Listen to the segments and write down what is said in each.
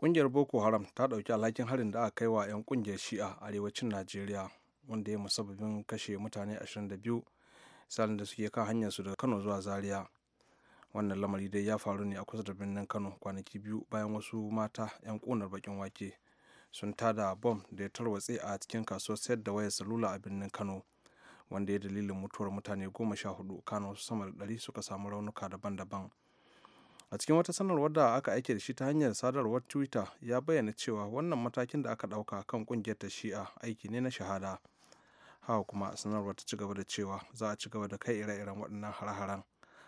kungiyar boko haram ta ɗauki alhakin harin da aka kai wa 'yan kungiyar shi'a arewacin najeriya wanda ya musabbabin kashe mutane 22 salin da suke kan hanyar su daga kano zuwa zaria wannan lamari dai ya faru ne a kusa da birnin kano kwanaki biyu bayan wasu mata 'yan kunar bakin wake sun tada bom da ya tarwatse a cikin kasuwar sayar da wayar salula a birnin kano wanda ya dalilin mutuwar mutane goma sha hudu kano sama da ɗari suka samu raunuka daban-daban a cikin wata sanarwar da aka aike da shi ta hanyar sadarwar twitter ya bayyana cewa wannan matakin da aka ɗauka kan ƙungiyar ta shi'a aiki ne na shahada haka kuma a sanarwar ta ci gaba da cewa za a ci gaba da kai ire-iren waɗannan har-haren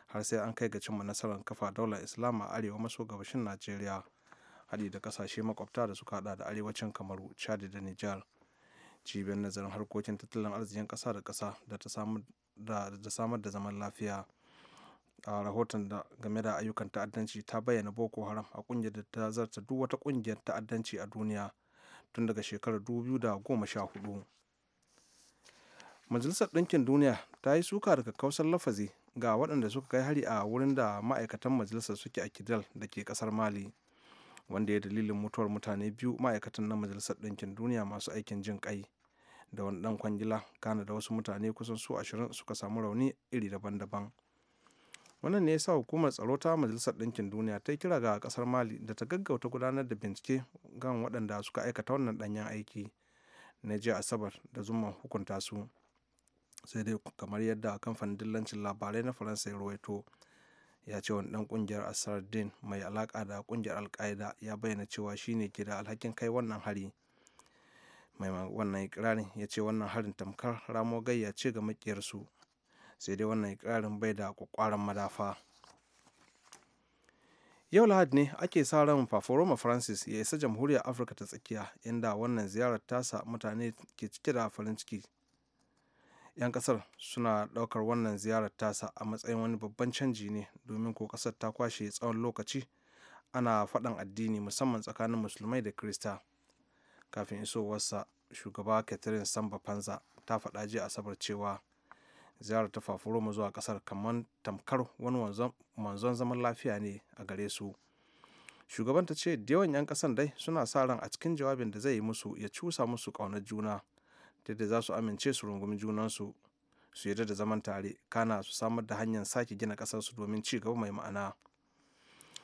har sai an kai ga cimma nasarar kafa daular islam a arewa maso gabashin najeriya haɗi da ƙasashe makwabta da suka haɗa da arewacin kamaru chad da nijar cibiyar nazarin harkokin tattalin arzikin kasa da kasa da ta samar da zaman lafiya a rahoton da game da ayyukan ta'addanci ta bayyana boko haram a kungiyar da ta zarta duk wata kungiyar ta'addanci a duniya tun daga shekarar 2014 majalisar ɗinkin duniya ta yi suka daga kausar lafazi ga waɗanda suka kai hari a wurin da ma'aikatan majalisar suke a kidal da ke kasar mali wanda ya dalilin mutuwar mutane biyu ma'aikatan na majalisar ɗinkin duniya masu aikin jin kai da wani ɗan kwangila kana da wasu mutane kusan su ashirin suka samu rauni iri daban-daban wannan ne ya sa hukumar tsaro ta majalisar ɗinkin duniya ta yi kira ga ƙasar mali da ta gaggauta gudanar da bincike gan waɗanda suka aikata wannan ɗanyen aiki na jiya asabar da zuma hukunta su sai dai kamar yadda kamfanin dillancin labarai na faransa ya rawaito ya ce wani ɗan ƙungiyar asardin mai alaƙa da ƙungiyar alƙa'ida ya bayyana cewa shine ke da alhakin kai wannan hari mai wannan ikirarin ya ce wannan harin tamkar ramo gayya ce ga makiyarsu sai dai wannan ikirarin bai da kwakwaran madafa yau lahadi ne ake sa ran faforoma francis ya isa jamhuriyar afirka ta tsakiya inda wannan ziyarar tasa mutane ke cike da farin ciki 'yan kasar suna daukar wannan ziyarar tasa a matsayin wani babban canji ne domin ko kasar ta kwashe tsawon lokaci ana faɗan addini musamman tsakanin musulmai da krista kafin isowarsa shugaba catherine samba panza ta faɗa jiya asabar cewa ziyarar ta ma zuwa kasar kamar tamkar wani manzon zaman lafiya ne a gare su shugaban ta ce da yawan 'yan kasan dai suna sa ran a cikin jawabin da zai yi musu ya cusa musu ƙaunar juna ta da za su amince su rungumi junansu su yarda da zaman tare kana su samar da hanyar sake gina ƙasarsu domin ci gaba mai ma'ana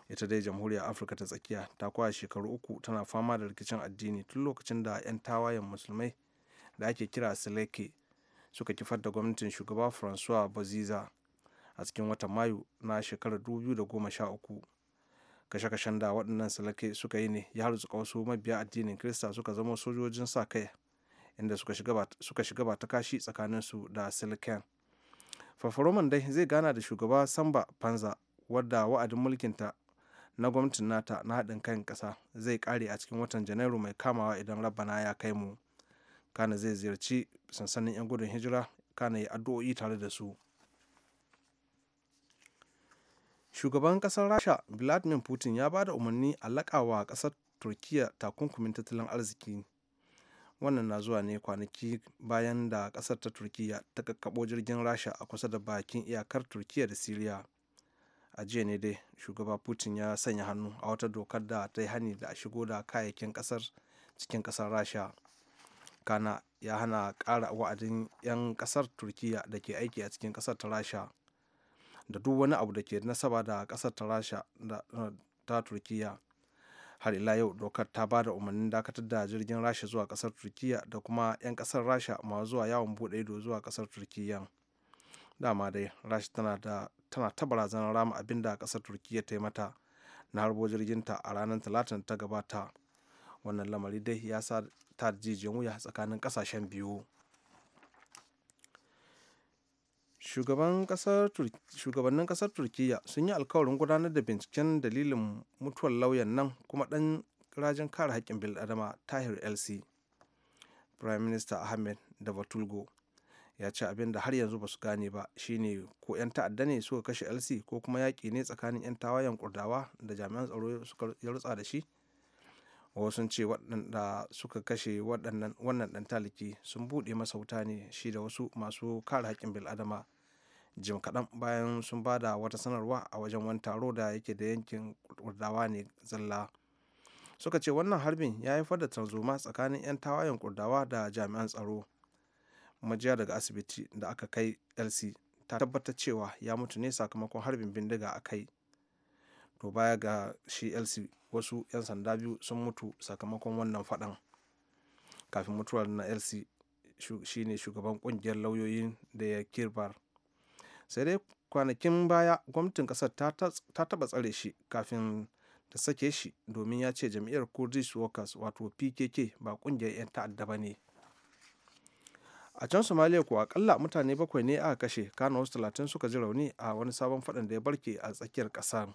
ita dai jamhuriyar afirka ta tsakiya ta kwaya shekaru uku tana fama da rikicin addini tun lokacin da 'yan tawayen musulmai da ake kira sileke suka kifar da gwamnatin shugaba francois baziza a cikin watan mayu na shekarar 2013 kashe-kashen da waɗannan salake suka yi ne ya harzuka wasu mabiya addinin kirista suka zama sojojin sa kai inda suka shiga ba ta kashi tsakaninsu da silken fafaroman dai zai gana da shugaba samba panza wadda wa'adin mulkinta na gwamnatin nata na haɗin kan ƙasa zai kare a cikin watan janairu mai kamawa idan rabana ya kai mu kana zai ziyarci sansanin 'yan gudun hijira kana yi addu'o'i tare da su shugaban kasar rasha vladimir putin ya ba da umarni a wa ƙasar turkiyya takunkumin tattalin arziki wannan na zuwa ne kwanaki bayan da ƙasar ta turkiyya ta kakkabo jirgin rasha a kusa da bakin iyakar turkiyya da siriya a jiya ne dai shugaba putin ya sanya hannu a wata dokar da ta yi hani da a shigo da kayayyakin kasar cikin kasar rasha kana ya hana ƙara wa'adin 'yan kasar turkiya da ke aiki a cikin kasar ta rasha da duk wani abu da ke nasaba da ƙasar ta rasha ta turkiya har ila yau dokar ta ba da umarnin dakatar da jirgin rasha zuwa ƙasar turkiya da kuma 'yan ƙasar rasha masu zuwa yawon buɗe ido zuwa ƙasar turkiya dama dai rasha tana da tana ta barazanar rama abin da ƙasar turkiya ta yi mata na harbo jirgin ta a ranar talatin ta gabata wannan lamari dai ya sa ta jijiyar wuya tsakanin kasashen biyu shugabannin kasar turkiya sun yi alkawarin gudanar da binciken dalilin mutuwar lauyan nan kuma dan rajin kare haƙƙin bil'adama tahir lc prime minister ahmed davatulgo ya ce abin da har yanzu ba su gane ba shine ko 'yan ta'adda ne suka kashe lc ko kuma yaƙi ne tsakanin 'yan tawayen kurdawa da jami'an tsaro suka rutsa da shi wasu sun ce waɗanda suka kashe wannan ɗan taliki sun buɗe masa wuta ne shi da wasu masu kare haƙƙin bil'adama jim kaɗan bayan sun ba da wata sanarwa a wajen wani taro da yake da yankin kurdawa ne zalla suka ce wannan harbin ya haifar da tarzoma tsakanin 'yan tawayen kurdawa da jami'an tsaro majiya daga asibiti da aka kai lc ta tabbatar cewa ya mutu ne sakamakon harbin bindiga a kai to baya ga shi lc wasu 'yan sanda biyu sun mutu sakamakon wannan faɗan kafin mutuwar na elsi shine shugaban kungiyar lauyoyin da ya kirbar sai dai kwanakin baya gwamnatin kasar ta taɓa tsare shi kafin ta sake shi domin ya ce jam'iyyar kurdish workers wato pkk ba kungiyar 'yan ta'adda ba ne a can somalia kuwa akalla mutane bakwai ne aka kashe kano wasu talatin suka ji rauni a wani sabon faɗin da ya barke a tsakiyar ƙasar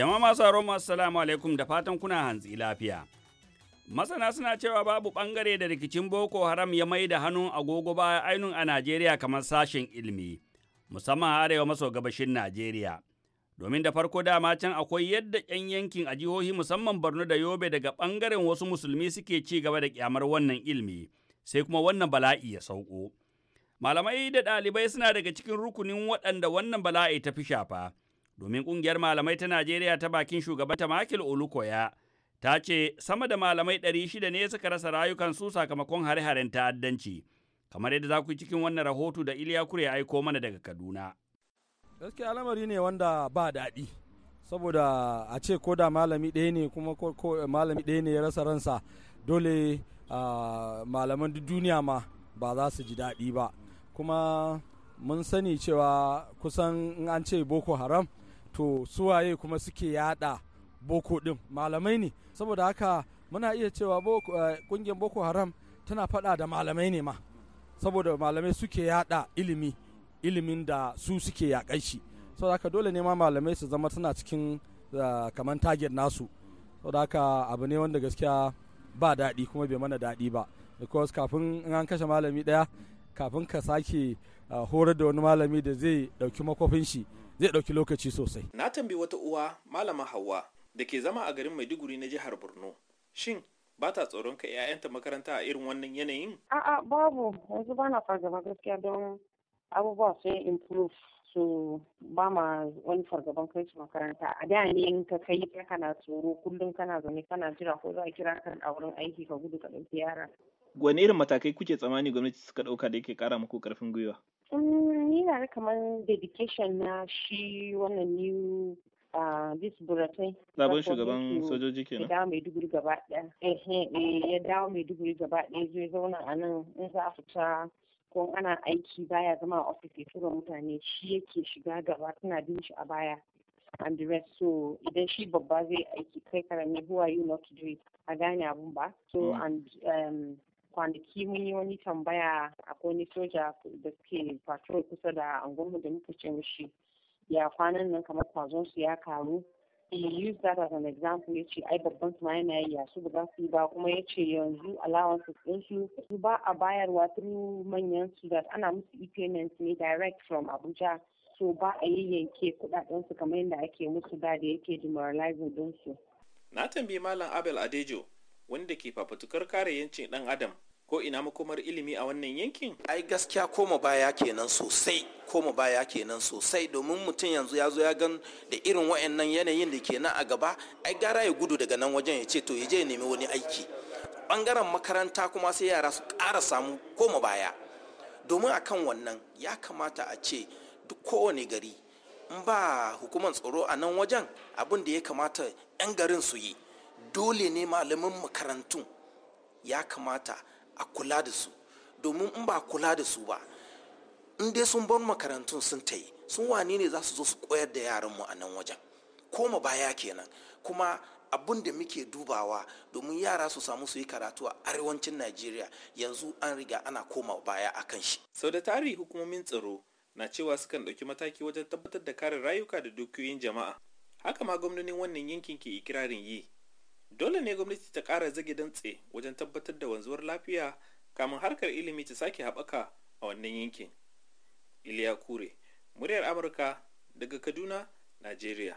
jama masu aroma assalamu alaikum da fatan kuna hantsi lafiya. Masana suna cewa babu bangare da rikicin Boko Haram ya mai da hannun agogo baya ainun a Najeriya kamar sashen ilimi, musamman arewa maso gabashin Najeriya. Domin da farko dama can akwai yadda 'yan yankin a jihohi musamman Borno da Yobe daga bangaren wasu musulmi suke ci gaba da kyamar wannan ilimi, sai kuma wannan bala'i ya sauko. Malamai da ɗalibai suna daga cikin rukunin waɗanda wannan bala'i ta fi shafa. domin ƙungiyar malamai ta Najeriya ta bakin shugaban ta Makil Olukoya ta ce sama da malamai 600 ne suka rasa rayukansu sakamakon hare-haren ta'addanci. Kamar yadda za ku cikin wannan rahoto da Iliya Kure ya aiko mana daga Kaduna. Gaskiya alamari ne wanda ba daɗi. Saboda a ce ko da malami ɗaya ne kuma ko malami ɗaya ne ya rasa ransa dole malaman duniya ma ba za su ji daɗi ba. Kuma mun sani cewa kusan in an ce Boko Haram to suwaye kuma suke yada boko din malamai ne saboda haka muna iya cewa kungiyar eh, boko haram tana fada da malamai ne ma saboda malamai suke yada ilimi ilimin da su suke yakai shi saboda haka dole ne ma malamai su zama suna cikin eh, kamar target nasu saboda haka abu ne wanda gaskiya ba daɗi kuma bai mana daɗi ba because kafin in an kashe malami ɗaya kafin ka sake eh, horar da wani malami da zai ɗauki makofin shi zai ɗauki lokaci sosai. Na tambayi wata uwa Malama Hauwa da ke zama a garin Maiduguri na jihar Borno. Shin ba ta tsoron ka 'ya'yanta makaranta a irin wannan yanayin? A'a babu yanzu ba na fargaba gaskiya don abubuwa sai improve so ba ma wani fargaban kai su makaranta a da ne in ka kai kai kana tsoro kullum kana zaune kana jira ko za a kira ka a wurin aiki ka gudu ka ɗauki yara. Wani irin matakai kuke tsammani gwamnati suka ɗauka da yake ƙara muku ƙarfin gwiwa? Mm, har kamar dedication na shi wannan new bis ah, buratai sabon shugaban sojoji kenan ya dawo maiduguri gaba daya eh, eh, eh, ya dawo maiduguri gaba daya zai zauna a nan in za a fita ko ana aiki baya zama a ofis ya tura mutane shi yake shiga gaba suna bin shi a baya and the rest so idan shi babba zai aiki kai karami who are you not to do it a gane abun ba so mm. and um, kwanaki mun yi wani tambaya a wani soja da suke patrol kusa da angonmu da muka ce mushi ya kwanan nan kamar kwazon su ya karu he used that as an example ya ce ai babban su ma yana yi ya su ba su ba kuma ya ce yanzu allowances din su su ba a bayarwa through manyan su that ana musu e-payment ne direct from Abuja so ba a yi yanke kudaden su kamar yadda ake musu da da yake demoralizing din su na tambayi malam Abel Adejo wanda ke fafatukar kare yancin ɗan adam ko ina makomar ilimi a wannan yankin ai gaskiya koma baya kenan sosai koma baya kenan sosai domin mutum yanzu ya zo ya gan da irin wayannan yanayin da ke nan a gaba ai gara ya gudu daga nan wajen ya ce to ya je nemi wani aiki bangaren makaranta kuma sai yara su ƙara samu koma baya domin akan wannan ya kamata a ce duk kowane gari in ba hukumar tsaro a nan wajen abin da ya kamata 'yan garin su yi dole ne malaman makarantun ya kamata a kula da su domin in ba kula da su ba in dai sun bar makarantun sun ta yi sun wane ne za su zo su koyar da yaranmu a nan wajen koma baya kenan kuma abin da muke dubawa domin yara su samu su yi karatu a arewacin najeriya yanzu an riga ana koma baya a kan shi sau da tarihi hukumomin tsaro na cewa sukan ɗauki mataki wajen tabbatar da kare rayuka da dukiyoyin jama'a haka ma gwamnonin wannan yankin ke ikirarin yi dole ne gwamnati ta ƙara zage dantse wajen tabbatar da wanzuwar lafiya kamun harkar ilimi ta sake haɓaka a wannan yankin iliya kure muryar amurka daga kaduna najeriya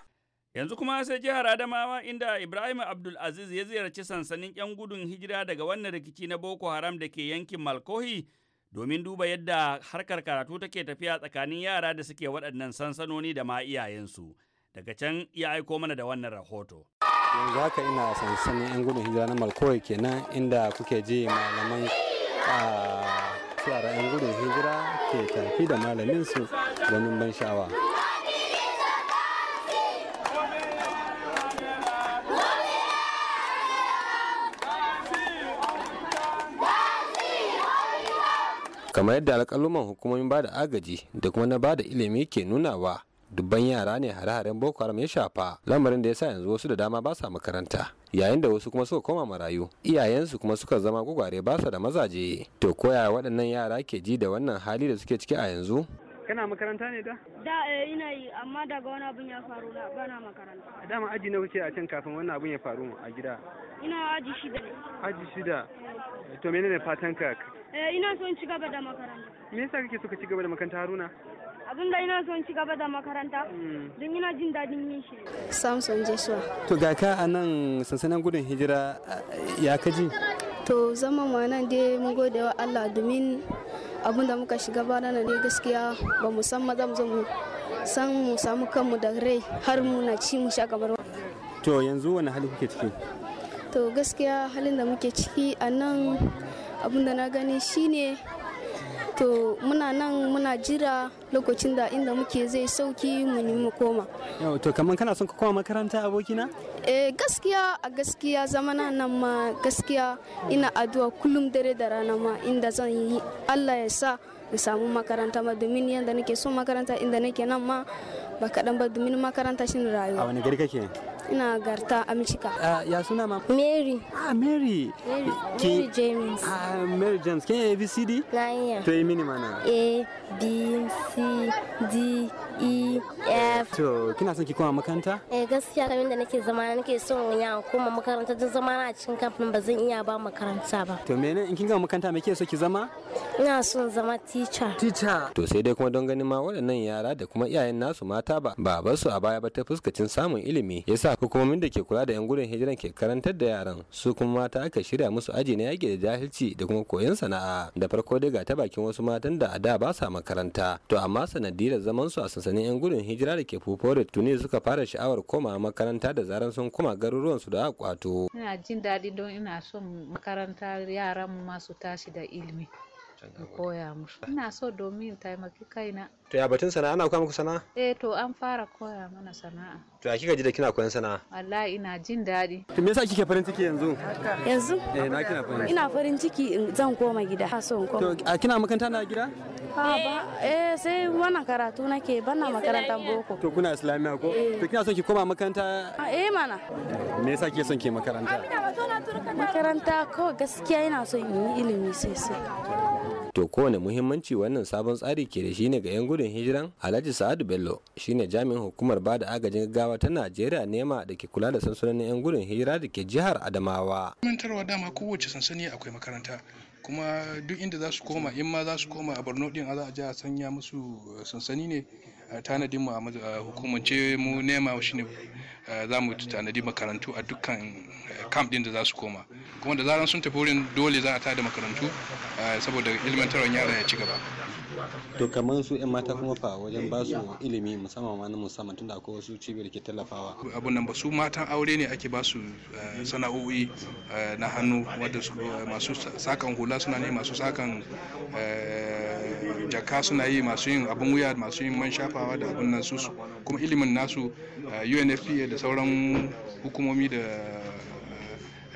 yanzu kuma sai jihar adamawa inda ibrahim abdulaziz ya ziyarci sansanin 'yan gudun hijira daga wannan rikici na boko haram da ke yankin malkohi domin duba yadda harkar karatu take tafiya tsakanin yara da suke waɗannan sansanoni da ma iyayensu daga can ya aiko mana da wannan rahoto yanzu haka ina sansanin 'yan gudun hijira na malkoi kenan inda kuke ji malaman tsara 'yan gudun hijira ke tafi da malamin su ganin ban sha'awa kamar yadda alƙaluman hukumomin ba da agaji da kuma na ba da ilimi ke nunawa dubban yara ne hare-haren boko haram ya shafa lamarin da ya sa yanzu wasu da dama ba sa makaranta yayin da wasu kuma suka koma marayu iyayensu kuma suka zama gugware ba sa da mazaje to koya waɗannan yara ke ji da wannan hali da suke ciki a yanzu kana makaranta ne da da eh, ina yi amma daga wani abun ya faru na bana makaranta a dama aji na kuke a can kafin wannan abun ya faru a gida ina aji shida ne aji shida to menene fatan ka eh, ina son ci gaba da makaranta me yasa kake so ka ci gaba da makaranta haruna abin da ina son ci gaba da makaranta don ina jin daɗin yin shi samson joshua to ga ka a nan sansanin gudun hijira ya kaji to zama ma nan dai mun gode wa allah domin abin da muka shiga bana na ne gaskiya ba mu san maza mu mu san mu samu kanmu da rai har mu na ci mu sha kamar to yanzu wani hali kuke ciki to gaskiya halin da muke ciki a nan abin da na gani shine to muna nan muna jira lokacin da inda muke zai sauki mu mu koma to kamar kana son ka koma makaranta abokina eh gaskiya a gaskiya zamana nan ma gaskiya ina addu'a kullum dare da rana ma inda zan yi Allah ya sa in samu makaranta ma domin yadda nake so makaranta inda nake nan ma ba kaɗan ba domin makaranta shi rayuwa a wani gari kake ina garta amshika uh, ya suna ma mary ah mary mary, Ki... mary james ah mary james kin abcd na iya to yi mini mana a b c d ef to kina son ki koma makaranta eh gaskiya kamar da nake zama nake son ya koma makaranta don zama na cikin kamfanin ba zan iya ba makaranta ba to menene in kin gama makaranta me kike so ki zama ina son zama teacher teacher to sai dai kuma don ganin ma waɗannan yara da kuma iyayen nasu mata ba ba ba su a baya ba ta fuskacin samun ilimi yasa hukumomin da ke kula da yan gudun hijiran ke karantar da yaran su kuma mata aka shirya musu aji na yaƙi da jahilci da kuma koyon sana'a da farko dai ga ta bakin wasu matan da a da ba sa makaranta to amma sanadiyar zaman su a sansanin 'yan gudun hijira da ke da tuni suka fara sha'awar koma makaranta da zaran sun koma su da akwato Ina jin daɗi don ina son makaranta yaran masu tashi da ilimi. in koya musu ina so domin in taimaki kaina to ya batun sana'a ana koya muku sana'a eh to an fara koya mana sana'a to ya kika ji da kina koyan sana'a wallahi ina jin daɗi to me yasa kike farin ciki yanzu yanzu eh na kina farin ina farin ciki zan koma gida ha so in koma to kina makaranta na gida ha ba eh sai wannan karatu nake bana makarantar boko to kuna islamiya ko eh. to kina son ki koma makaranta eh mana me yasa kike son ki makaranta makaranta ko gaskiya ina son in yi ilimi sosai To kowane muhimmanci wannan sabon tsari ke da shi ne ga 'yan gudun hijiran Alhaji Sa'adu Bello shi ne jami'in hukumar ba da agajin gaggawa ta Najeriya nema da ke kula da sansanonin 'yan gudun hijira da ke jihar Adamawa. Mantarwa dama kowace sansani akwai makaranta kuma duk inda za su koma in ma za su koma a Borno din a za a sanya musu eh, sansani ne tanadin mu a hukumance mu nema shi ne za mu tanadi makarantu a dukkan camp din da za su koma kuma da zaran sun tafi wurin dole za a tada makarantu saboda ilmantarwar yara ya ci gaba to kamar su yan mata kuma fa wajen ba su ilimi musamman ma na musamman tunda akwai wasu cibiyar ke tallafawa abun nan ba su matan aure ne ake ba su eh, sana'o'i eh, na hannu wadda eh, masu sakan hula suna ne masu sakan jaka suna yi masu yin abin wuya masu yin man shafawa da abun nan su kuma ilimin nasu unfpa da sauran hukumomi da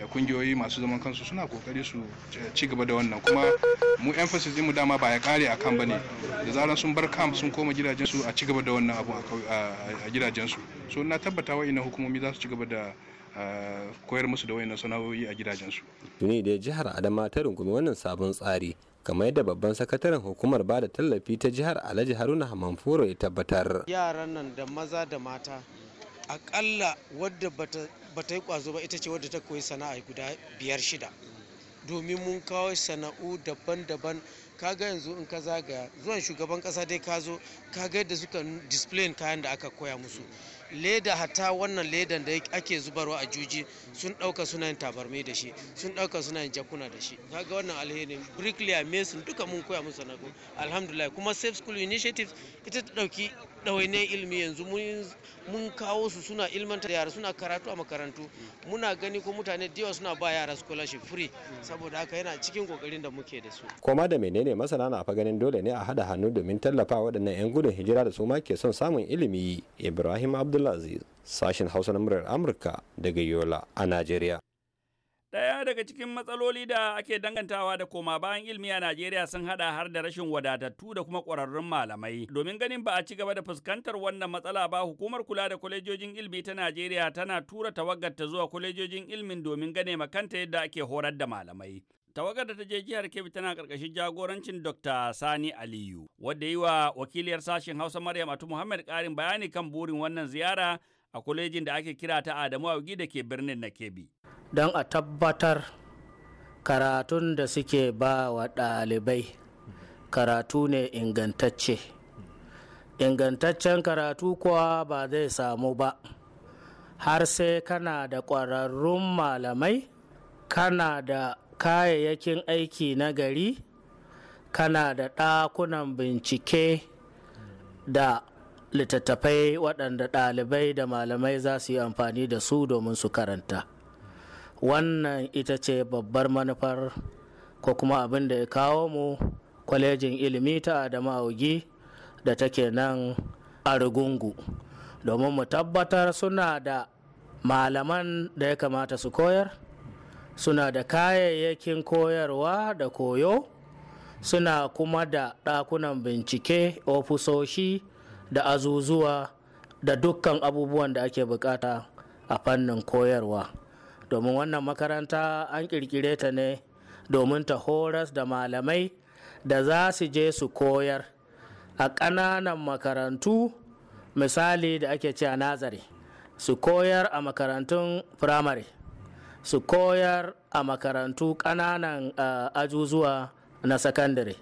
kungiyoyi masu zaman kansu suna kokari su eh, ci gaba da wannan kuma mu emphasis din mu dama ba ya kare akan bane da zaran sun bar camp sun koma gidajen su a ci gaba da wannan abu a gidajen su so na tabbata wa'annan hukumomi za su ci gaba da eh, koyar musu da wayannan sana'o'i a gidajensu. ne da jihar Adama ta rungumi wannan sabon tsari kamar yadda babban sakataren hukumar ba da tallafi ta jihar Alhaji Haruna Hamanfuro ya tabbatar. Yaran nan da maza da mata akalla wadda bata yi kwazo ba ita ce wadda ta koyi sana'a guda biyar shida domin mun kawo sana'u daban-daban kaga yanzu in ka zagaya zuwan shugaban kasa dai ka zo kaga yadda suka displayin kayan da aka koya musu leda hata wannan ledan da ake zubarwa a juji sun ɗauka suna yin tabarmai da shi sun ɗauka suna yin jakuna da shi kaga wannan alheri bricklayer mason duka mun koya musu na alhamdulillah kuma safe school initiative ita ta dauki ɗawainiyar ilimi yanzu mun kawo su suna da yara suna karatu a makarantu muna gani ko mutane da yawa suna ba yara scholarship free saboda haka yana cikin kokarin da muke da su koma da menene masana na fa ganin dole ne a hada hannu domin tallafa waɗannan yan gudun hijira da su ma ke son samun ilimi ibrahim abdulaziz sashen hausa na murar amurka daga yola a najeriya Ɗaya daga cikin matsaloli da ake dangantawa da koma bayan ilmi a Najeriya sun haɗa har da rashin wadatattu da kuma ƙwararrun malamai. Domin ganin ba a ci gaba da fuskantar wannan matsala ba hukumar kula da kwalejojin ilmi ta Najeriya tana tura tawagar ta zuwa kwalejojin ilmin domin gane makanta yadda ake horar da malamai. tawagar da ta je jihar Kebbi tana karkashin jagorancin Dr. Sani Aliyu, wadda yi wa wakiliyar sashen Hausa Maryam Atu Muhammad ƙarin bayani kan burin wannan ziyara a kwalejin da ake kira ta Adamu Augi da ke birnin na Don a tabbatar karatun da suke ba wa ɗalibai karatu ne ingantacce. Ingantaccen karatu kuwa ba zai samu ba, har sai kana da ƙwararrun malamai, kana da kayayyakin aiki na gari, kana da ɗakunan bincike da littattafai waɗanda ɗalibai da malamai za su yi amfani da su domin su karanta wannan ita ce babbar manufar ko kuma abin da ya kawo mu kwalejin ilimi ta adamu augi da take nan a rugungu domin mu tabbatar suna da malaman da ya kamata su koyar suna da kayayyakin koyarwa da koyo suna kuma da ɗakunan bincike ofisoshi da azuzuwa da dukkan abubuwan da ake bukata a fannin koyarwa domin wannan makaranta an kirkire ta ne domin ta horas da malamai da za su je su koyar a ƙananan makarantu misali da ake a nazari su koyar a makarantun firamare su koyar a makarantu ƙananan eh, ajuzuwa na sakandare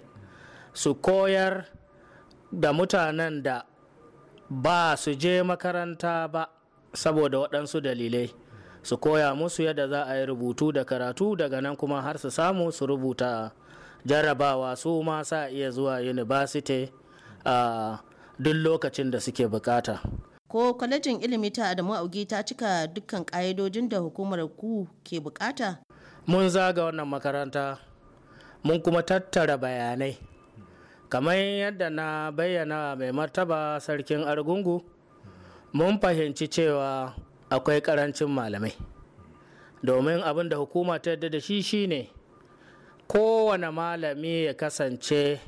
su koyar da mutanen da ba su je makaranta ba saboda waɗansu dalilai su koya musu yadda za a yi rubutu da karatu daga nan kuma har su samu su rubuta jarrabawa su ma sa iya zuwa university a duk lokacin da suke bukata ko kwalejin ilimi ta adamu Augi ta cika dukkan ƙa'idojin da hukumar ku ke bukata mun zaga wannan makaranta mun kuma tattara bayanai kamar yadda na bayyana mai martaba sarkin argungu mun fahimci cewa akwai karancin malamai domin abin da hukuma ta yadda da shi shine kowane malami ya kasance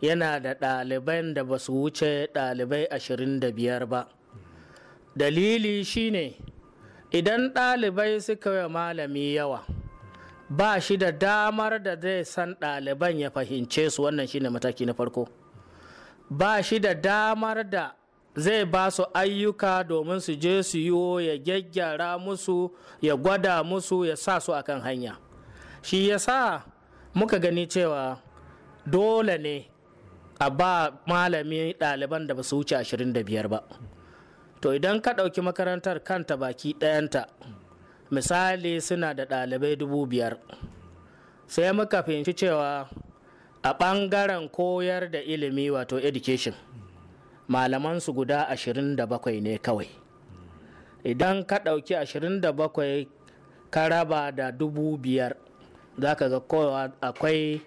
yana da ɗaliban da ba su wuce ɗalibai 25 ba dalili shine idan ɗalibai suka yi malami yawa ba shi da damar da zai san ɗaliban ya fahimce su wannan shine mataki na farko ba shi da damar da zai ba su ayyuka domin su je su yi ya gyaggyara musu ya gwada musu ya sa su akan hanya shi ya sa muka gani cewa dole ne a ba malami ɗaliban da ba su wuce 25 ba to idan ka ɗauki makarantar kanta baki ɗayanta misali suna da ɗalibai dubu biyar sai muka fahimci cewa a bangaren koyar da ilimi wato education malaman su guda ashirin ne kawai idan ka ɗauki ashirin da ka raba da dubu biyar za ka ga akwai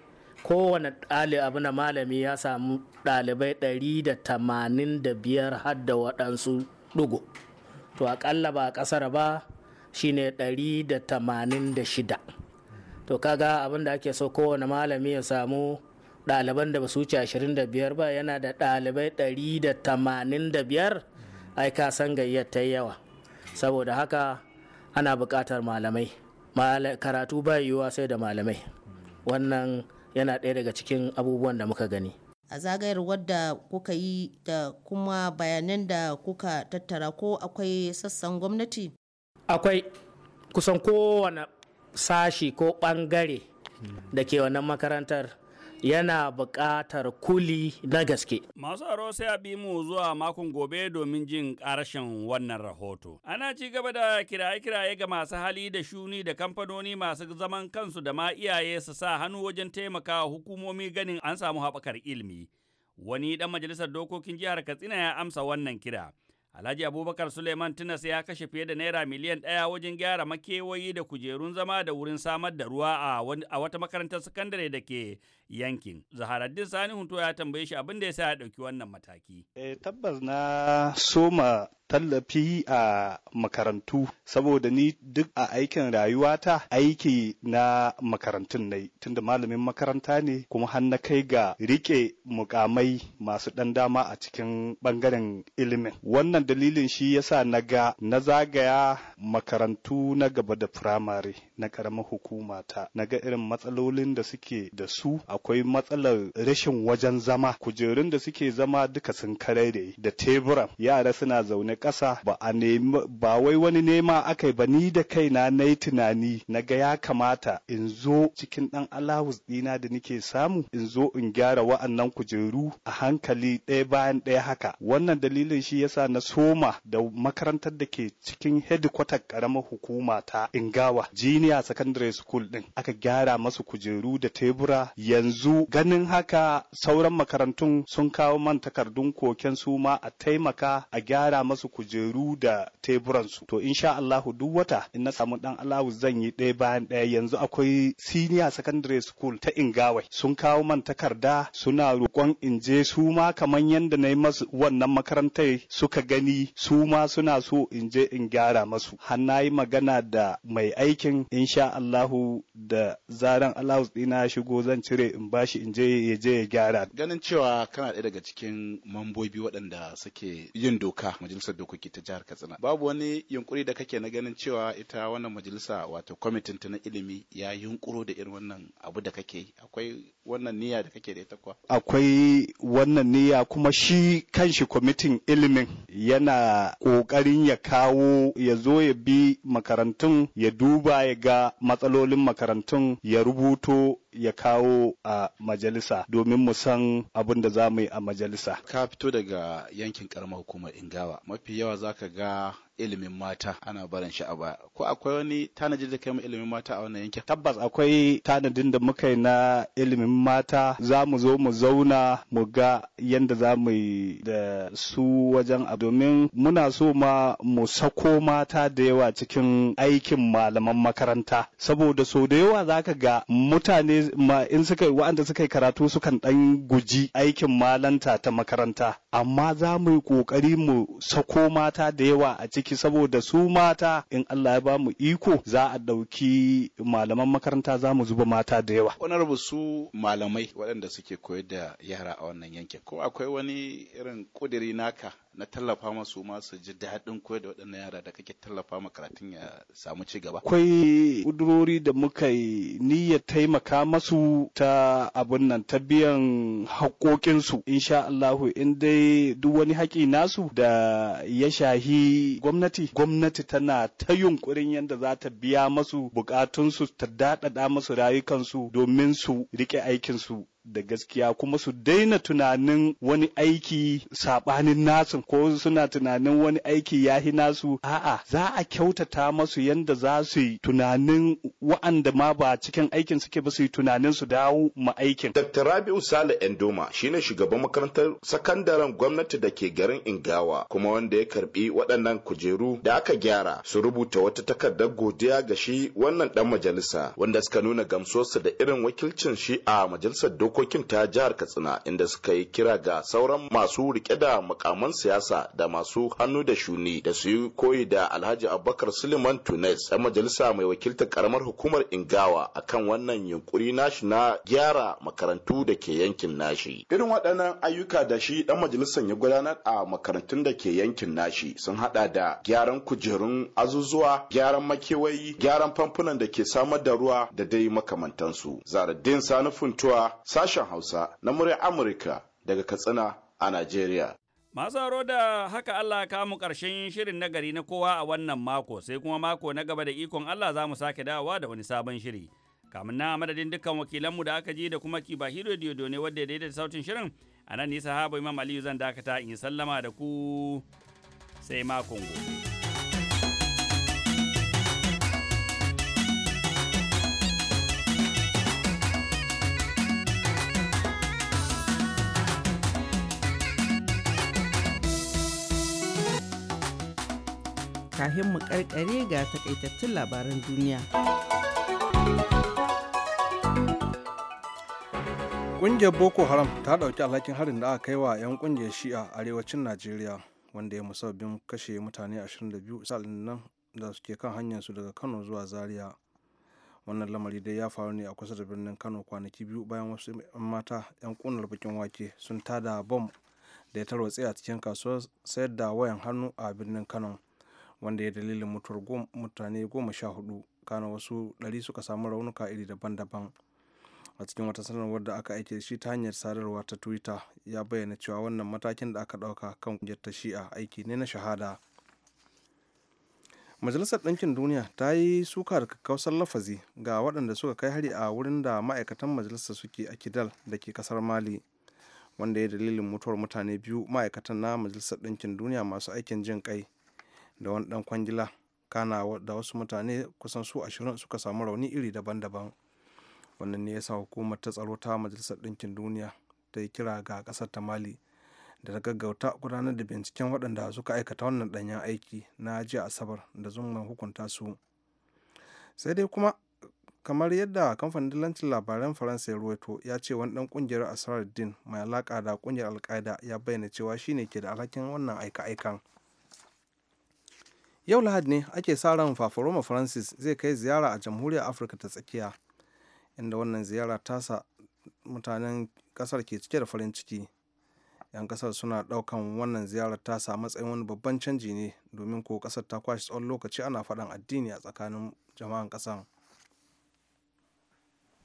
kowane abu na malami ya samu ɗalibai 185 har da waɗansu dugu to a ƙalla ba a ƙasar ba shine 186 to kaga abin da ake so kowane malami ya samu ɗaliban da ba su wuce 25 ba yana da ɗalibai 185 ai ka san gayyar ta yawa saboda haka ana buƙatar malamai karatu ba yiwuwa sai da malamai wannan yana ɗaya daga cikin abubuwan da muka gani a zagayar wadda kuka yi da kuma bayanan da kuka tattara ko akwai sassan gwamnati akwai kusan kowane sashi ko ɓangare da ke wannan makarantar yana buƙatar kuli na gaske. Masu aro sai a bi mu zuwa makon gobe domin jin ƙarshen wannan rahoto. Ana ci gaba da kiraye-kiraye ga masu hali da shuni da kamfanoni masu zaman kansu da ma iyaye su sa hannu wajen taimakawa hukumomi ganin an samu haɓakar ilimi. Wani ɗan majalisar dokokin jihar Katsina ya amsa wannan kira. Alhaji Abubakar Suleiman Tunas ya kashe fiye da naira miliyan ɗaya wajen gyara makewayi da kujerun zama da wurin samar da ruwa a wata makarantar sakandare da ke yankin. Zaharaddin Sani Hunto ya tambaye shi abin da ya sa ya ɗauki wannan mataki. Eh tabbas na soma tallafi a makarantu saboda ni duk a aikin rayuwata aiki na makarantun nai. tunda malamin makaranta ne kuma har na kai ga rike mukamai masu ɗan dama a cikin ɓangaren ilimin wannan dalilin shi yasa na ga na zagaya makarantu na gaba da firamare na karamar hukuma ta na ga irin matsalolin da suke da su akwai matsalar rashin wajen zama kujerun da suke zama duka sun karere da tebura yara suna zaune ƙasa ba a nema ba wai wani nema akai ba ni da kaina na yi tunani na ga ya kamata in zo cikin ɗan alawus ɗina da nike samu in zo in gyara wa'annan kujeru a hankali ɗaya bayan ɗaya haka wannan dalilin shi yasa na soma da makarantar da ke cikin hedikwatar ƙaramar hukuma ta gawa jini junior secondary school din aka gyara masu kujeru da tebura yanzu ganin haka sauran makarantun sun kawo man takardun koken su ma a taimaka a gyara masu kujeru da teburansu to insha Allahu duk wata in na samu dan allahu zan yi ɗaya bayan ɗaya yanzu akwai senior secondary school ta Ingawai sun kawo man takarda suna roƙon in je su ma kamar yanda na yi masu wannan makarantar suka gani su ma suna so in je in gyara masu har na yi magana da mai aikin in sha Allahu da zaran allowance ɗina ya shigo zan cire in bashi in je ya je ya gyara ganin cewa kana ɗaya daga cikin mambobi waɗanda suke yin doka majalisar dokoki ta jihar Katsina babu wani yunkuri da kake na ganin cewa ita wannan majalisa wato kwamitin ta na ilimi ya yunkuro da irin wannan abu da kake akwai wannan niyya da kake da ita kuwa akwai wannan niyya kuma shi kanshi kwamitin ilimin yana ƙoƙarin ya kawo ya zo ya bi makarantun ya duba ya Ga matsalolin makarantun ya rubuto ya kawo a majalisa domin mu san abin da za mu yi a majalisa. Ka fito daga yankin karamar hukumar Ingawa. Mafi yawa za ka ga ilimin mata ana barin shi a baya ko akwai wani tanadi da kai mu ilimin mata a wannan yankin tabbas akwai tanadin da muka yi na ilimin mata za mu zo mu zauna mu ga yadda za mu yi da su wajen a domin muna so ma mu sako mata da yawa cikin aikin malaman makaranta saboda sau da yawa za ka ga mutane ma in suka wa'anda suka yi karatu sukan ɗan guji aikin malanta ta makaranta amma za mu yi ƙoƙari mu sako mata da yawa a ciki saboda su mata in Allah ya ba mu iko za a ɗauki malaman makaranta za mu zuba mata da yawa wani honorable su malamai waɗanda suke koyar da yara a wannan yankin ko akwai wani irin ƙudiri naka na tallafa masu ma su ji daɗin koyar da waɗannan yara da kake tallafa ma ya samu ci gaba. Akwai ƙudurori da muka yi niyyar taimaka masu ta abin nan ta biyan haƙoƙinsu insha Allahu in dai duk wani haƙi nasu da ya shahi gwamnati gwamnati tana ta yunƙurin yadda za ta biya masu buƙatunsu ta daɗaɗa masu rayukansu domin su riƙe aikinsu da gaskiya kuma su daina tunanin wani aiki saɓanin nasu ko suna tunanin wani aiki ya hi nasu a'a za a kyautata masu yadda za su yi tunanin wa'anda ma ba cikin aikin suke ba su yi tunanin su dawo ma aikin. Dr. Rabi'u Sale Endoma shine shugaban makarantar sakandaren gwamnati da ke garin Ingawa kuma wanda ya karbi waɗannan kujeru da aka gyara su rubuta wata takardar godiya ga shi wannan dan majalisa wanda suka nuna gamsuwarsa da irin wakilcin shi a majalisar dokoki harkokin ta jihar katsina inda suka yi kira ga sauran masu rike da mukaman siyasa da masu hannu da shuni da su yi koyi da alhaji abubakar suleiman tunis ɗan majalisa mai wakiltar karamar hukumar ingawa akan wannan yunkuri nashi na gyara makarantu da ke yankin nashi irin waɗannan ayyuka da shi ɗan majalisan ya gudanar a makarantun da ke yankin nashi sun haɗa da gyaran kujerun azuzuwa gyaran makewayi gyaran famfunan da ke samar da ruwa da dai makamantansu zaradin sanufin tuwa sashen Hausa na murya Amurka daga Katsina a Najeriya. Masu da haka Allah ka mu ƙarshen shirin nagari na kowa a wannan mako sai kuma mako na gaba da ikon Allah za mu sake dawowa da wani sabon shiri. Kamun na madadin dukkan wakilanmu da aka ji da kuma Kibahiro Diodo ne wadda ya daidaita sautin shirin a nan nisa habu Imam Aliyu zan dakata in yi sallama da ku sai makon gobe. kahin mu karkare ga takaitattun labaran duniya. Ƙungiyar Boko Haram ta ɗauki alhakin harin da aka kai wa 'yan ƙungiyar Shi'a arewacin Najeriya wanda ya musabbin kashe mutane 22 nan da suke kan hanyarsu daga Kano zuwa Zaria. Wannan lamari dai ya faru ne a kusa da birnin Kano kwanaki biyu bayan wasu 'yan mata 'yan ƙunar bakin wake sun tada bom da ya tarwatse a cikin kasuwar sayar da wayan hannu a birnin Kano. wanda ya dalilin mutuwar mutane goma sha hudu kana wasu ɗari suka samu raunuka iri daban-daban a cikin wata sanarwar da aka aike shi ta hanyar sadarwa ta twitter ya bayyana cewa wannan matakin da aka ɗauka kan kungiyar ta shi'a aiki ne na shahada majalisar ɗinkin duniya ta yi suka da kakkausar lafazi ga waɗanda suka kai hari a wurin da ma'aikatan majalisar suke a kidal da ke kasar mali wanda ya dalilin mutuwar mutane biyu ma'aikatan na majalisar ɗinkin duniya masu aikin jin kai da wani dan kwangila kana da wasu mutane kusan su ashirin suka samu rauni iri daban-daban wannan ne ya sa hukumar ta tsaro ta majalisar ɗinkin duniya ta yi kira ga ƙasar ta mali da ta gaggauta gudanar da binciken waɗanda suka aikata wannan ɗanyen aiki na jiya asabar da zungan hukunta su sai dai kuma kamar yadda kamfanin dillancin labaran faransa ya ruwaito ya ce wani ɗan ƙungiyar asrar din mai alaƙa da ƙungiyar alƙaida ya bayyana cewa shine ke da alhakin wannan aika-aikan yau lahadi ne ake sa ran fafaroma francis zai kai ziyara a jamhuriyar afirka ta tsakiya inda wannan ziyara tasa mutanen kasar ke cike da farin ciki 'yan kasar suna daukan wannan ziyarar tasa a matsayin wani babban canji ne domin ko kasar ta kwashe tsawon lokaci ana faɗan addini a tsakanin jama'an kasar